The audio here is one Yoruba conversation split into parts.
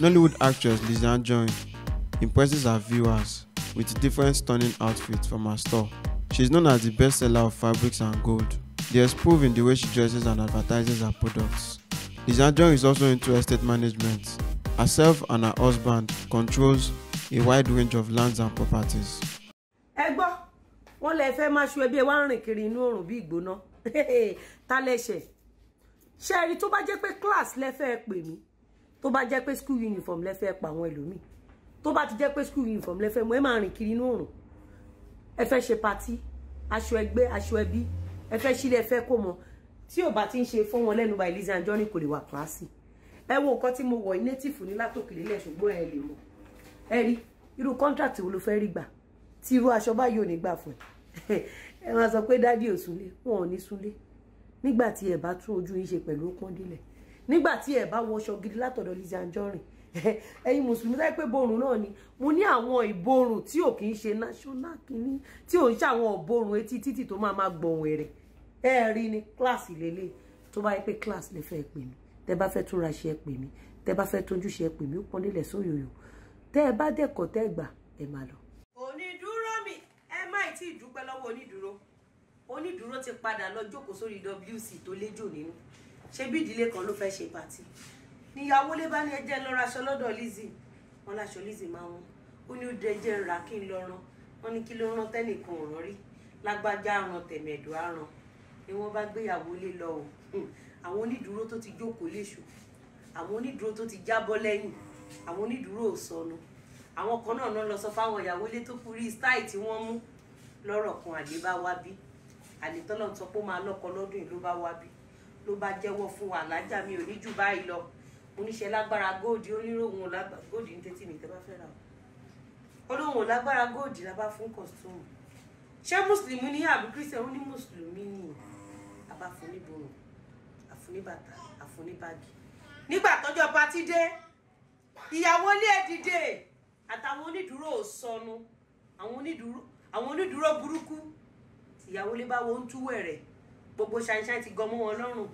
Nollywood actress Lizanne Joy impresses her viewers with different stunning outfits from her store. She is known as the best seller of fabrics and gold. There's proof in the way she dresses and advertises her products. Lizanne Joy is also into estate management. Herself and her husband controls a wide range of lands and properties. ẹ gbọ́ wọ́n lè fẹ́ máa ṣu ẹbí ẹ wá ń rìn kiri inú oòrùn bí ìgbóná ta lẹ́sẹ̀ ṣe é rí tó bá jẹ́ pé class lẹ́fẹ̀ẹ́ pè mí tó bá jẹ́ pé school uniform lẹ fẹ́ pa àwọn ẹlòmíì tó bá ti jẹ́ pé school uniform lẹ fẹ́ mú ẹ máa rìn kiri inú òrùn ẹ fẹ́ ṣe patí aṣọ ẹgbẹ́ aṣọ ẹbí ẹ fẹ́ sílẹ̀ ẹ fẹ́ kó mọ tí ò bá ti ń ṣe fún wọn lẹ́nu by Lizzy Anjorin kò lè wà kíláàsì ẹ wo nǹkan tí mo wọ̀ ní native ní látòkèlè lẹ̀ ṣùgbọ́n ẹ lè mọ̀ ẹ rí irú contract wo ló fẹ́ rí gbà tí irú aṣọ báyìí ò ní gbà fún ẹ ẹ máa sọ pé dádì ò súnlé wọn ò ní súnlé nígbà tí ẹ bá tún ojú yín ṣe pẹ̀lú ó pọ́n nígbà tí ẹ bá wọṣọ gidi látọ̀dọ̀ Lizzy Anjorin ẹ̀yin mùsùlùmí táyé pé borun náà ni mo ní àwọn ìborun tí ò kì í ṣe national kìíní tí ò ń ṣe àwọn ìborun etí títì tó máa máa gbọ̀n wẹ̀rẹ̀ ẹ rí ni kíláàsì lélẹ̀ tó bá yẹ pé kíláàsì lè fẹ́ pè mí tẹ bá fẹ́ túnra ṣe ẹ pè mí tẹ bá fẹ́ tójú ṣe pè mí ó pọn nílẹ̀ sóyòyò tẹ ẹ bá dẹ̀kọ̀ tẹ́ gbà ẹ máa lọ. onídúró mi ẹ má ì tí ì dúpẹ́ lọ́wọ́ onídúró onídúró ti padà lọ jókòó sórí WC tó léjò nínú ṣé bí ìdílé kan ló fẹ́ ṣe pàtì níyàwó lé bá ní ẹjẹ́ ń lọ lọ́dọ̀ Lizzy wọn láṣọ Lizzy máa wọn ó ní ó dẹ jẹ́ ra kí n lọ ran wọn ní kí ló rán tẹ́nìkan ò rán rí lágbájá aran tẹ̀mẹ̀dọ̀ aran ni wọ́n bá gbéyàwó lé lọ o hmm. àwọn onídùúró tó ti jókòó léṣù àwọn onídùúró tó ti jábọ́ lẹ́yìn àwọn onídùúró ò sọnù àwọn kan náà náà lọ sọ fáwọn ìyàwó ilé tó kú rí stáì tí wọ́n mú lọ́rọ̀ kan àlè bá wá bí àlè tọ́lọ́ ń sọ pé ó máa lọ́kọ lọ́dún yìí ló bá wá bí ló bá jẹ́wọ́ fún wa alájà mi ò ní jù báyìí lọ oníṣẹ́ lágbára góòdì oníròhùn góòdì ní tẹ́tí mi tẹ́ bá fẹ́ ra o olóhùn lágbára góòdì la bá fún kọ̀sùtùmù ṣé mùsùlùmí ní àbí kírísítẹ̀ ó ní mùsùlùmí ni àbá fún níbòrò àfún níbàtà àfún níbàgì nígbà tọ́jọ́ patí dé ìyàwó ilé ẹ̀ dìde àtàwọn onídùúró ò sọnù àwọn onídùúró burúkú ìyàwó ilé bá wo ń túwẹ̀ rẹ̀ gbogbo ṣanṣan ti gan mọ́ wọn lọ́rùn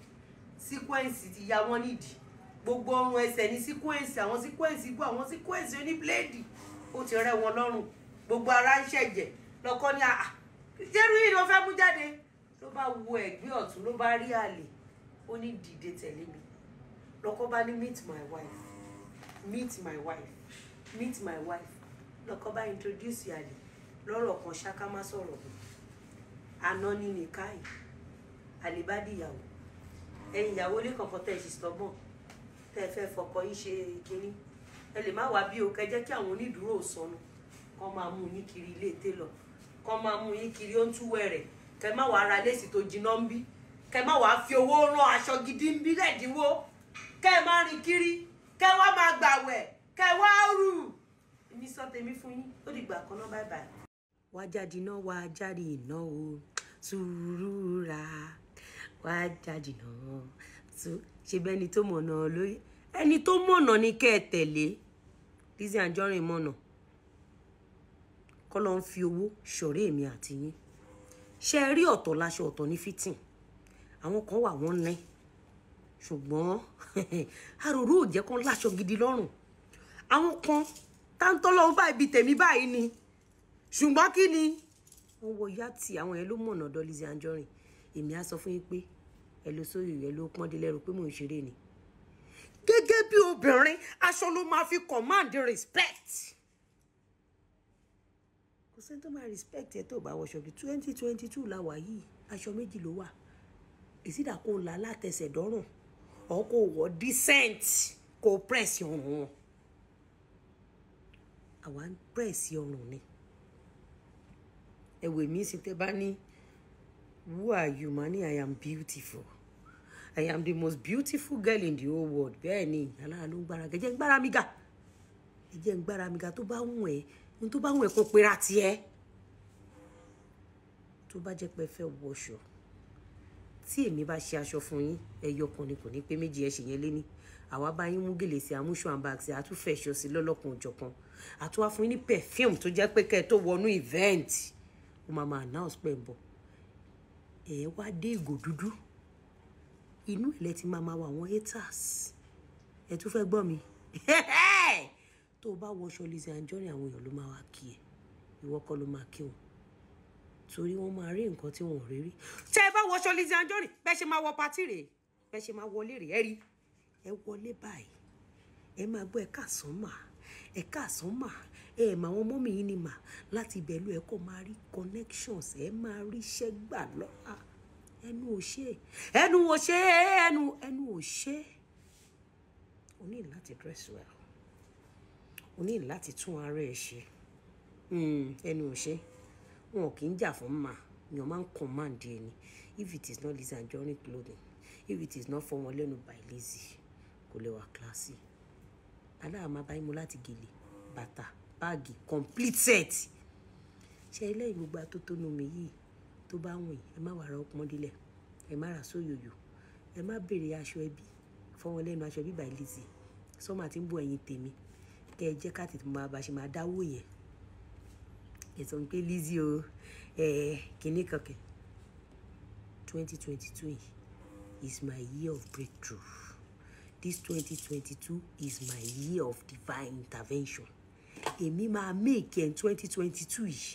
síkwẹ́ǹsì ti ya wọ́n nídìí gbogbo ọrùn ẹsẹ̀ ní síkwẹ́ǹsì àwọn síkwẹ́ǹsì igbó àwọn síkwẹ́ǹsì oníbléèdì ó ti rẹ́ wọn lọ́rùn gbogbo ara ń ṣẹ̀jẹ̀ lọ́kọ́ ní àà ah, ah, jẹ́rú yìí ló fẹ́ mú jáde ló bá wo ẹ̀gbẹ́ ọ̀tún ló bá rí àlè ó ní dìde tẹ̀lé mi lọ́kọ́ bá ní meet my wife meet my wife meet my wife lọ́kọ́ bá introduce àlè lọ́rọ̀ kan ṣáká má sọ̀rọ̀ àná ní nìkáyìí àlè bá dìyàwó ẹ̀yin ìyàwó lè kọ̀ọ̀kan tẹ̀ ṣì sọ́gbọ̀n tẹ́ ẹ fọkọ ṣe kínní ẹ lè má wá bí o kẹ jẹ́ kí àwọn onídùúró sọnù máa mú yín kiri ilé lọ máa mú yín kiri kẹ má ra tó jiná ń bí kẹ má fi owó rán aṣọ gidi ń bí kẹ má kiri kẹ wá máa gbàwẹ̀ kẹ wá rù èmi sọ tèmi fún yín ó kan o sùúrù wá jáde náà tó ṣe bẹ́ẹ̀ ni tó mọ̀nà lóye ẹni tó mọ̀nà ni kẹ́ ẹ tẹ̀lé Lizzy Anjorin mọ̀nà kọ́ ló ń fi owó ṣọ̀rẹ́ èmi àti yín ṣe rí ọ̀tọ̀ láṣọ ọ̀tọ̀ ní fitting àwọn kan wà wọ́n lẹ́ ṣùgbọ́n àròrò ò jẹ́ láṣọ gidi lọ́rùn àwọn kan táńtọ́ lọ́wọ́ báyìí bíi tèmi báyìí ni ṣùgbọ́n kí ni wọ́n wọ yá tí àwọn yẹn ló mọ̀nà ọ̀dọ̀ Lizzy èmi á sọ fún yín pé ẹ lọ sórí rẹ ló pọ́n dé lẹ́rù pé mò ń ṣeré ni. gẹ́gẹ́ bí obìnrin aṣọ ló máa fi command respect. kò sẹ́ni tó máa respect ẹ tó bá wọṣọ bí twenty twenty two la wà yìí aṣọ méjì ló wà ìsídà kò là látẹsẹ̀ dọ́rùn ọ̀ kò wọ̀ decent kò press ọrùn wọn àwa ń press ọrùn ni ẹ̀wẹ̀ mi sì tẹ́ bá ní. Ni Who are you, money? I am beautiful. I am the most beautiful girl in the whole world. Bẹ́ẹ̀ ni, alára ló ń gbára gẹ̀. Ẹ jẹ́ ń gbára mi ga. Ẹ jẹ́ ń gbára mi ga tó bá wùn ẹ́. Ohun tó bá wùn ẹ́ kó pera tiẹ̀. Tó bá jẹ́ pé ẹ fẹ́ wọṣọ. Tí èmi bá ṣe aṣọ fún yín, ẹyọ kan ni kò ní pé méjì ẹ ṣe yẹn lé ní. Àwa bá yín mú gèlè sí àmúṣọ àǹbàṣe àtúfẹ̀ṣọ sí lọ́lọ́kan òjọ̀kan. Àtúwá fún yín ní perfume tó jẹ́ pé kẹ́ ẹ tó wọnú event. Ó máa máa announce pé ń bọ̀ ẹ̀ wá dé ìgò dúdú inú ilẹ̀ ti máa máa wà àwọn haters ẹ tún fẹ́ gbọ́ mi tó o bá wọṣọ Lizzy Anjorin àwọn èèyàn ló máa wá kí ẹ ìwọ kọ́ ló máa kí wọn torí wọn máa rí nǹkan tí wọn ò rí rí tẹ ẹ bá wọṣọ Lizzy Anjorin bẹ́ẹ̀ ṣe máa wọ patí rèé bẹ́ẹ̀ ṣe máa wọlé rèé ẹ rí ẹ wọlé báyìí ẹ máa gbọ́ ẹ káàsán mà ẹ káàsán mà ẹ mà àwọn mọ́mì yìí ni mà láti ìbẹ̀lú ẹ̀ kọ́ máa rí connections ẹ máa rí iṣẹ́ gbà lọ ẹnu ò ṣe ẹnu ò ṣe ẹnu ẹnu ò o ní láti dress well o ní láti tún ara ẹ ṣe hmm, ẹnu ò ṣe wọn kì í jà fún mà ni wọn máa ń command ẹni if it is not Lizzy Anjorin clothing if it is not fọwọn lẹ́nu by Lizzy kò lè wà kíláàsì aláàmà báyìí mo láti gèlè bàtà báàgì complete set ṣe ilé ìgbogbo atótónu mi yìí tó bá wọ̀nyí ẹ má wàá ra ọpọn délẹ̀ ẹ má ra sóyòyò ẹ má béèrè aṣọ ẹbí fọwọn lẹ́nu aṣọ ẹbí by Lizzy sọmọ àti ń bọ ẹ̀yìn tèmi kẹ ẹ jẹ́ káàtì tó máa bá ṣe máa dáwó yẹn ẹ sọ pé Lizzy o ẹ kìnní kankan twenty twenty two is my year of breakthrough this twenty twenty two is my year of divine intervention èmi máa make ẹ̀ twenty twenty two yìí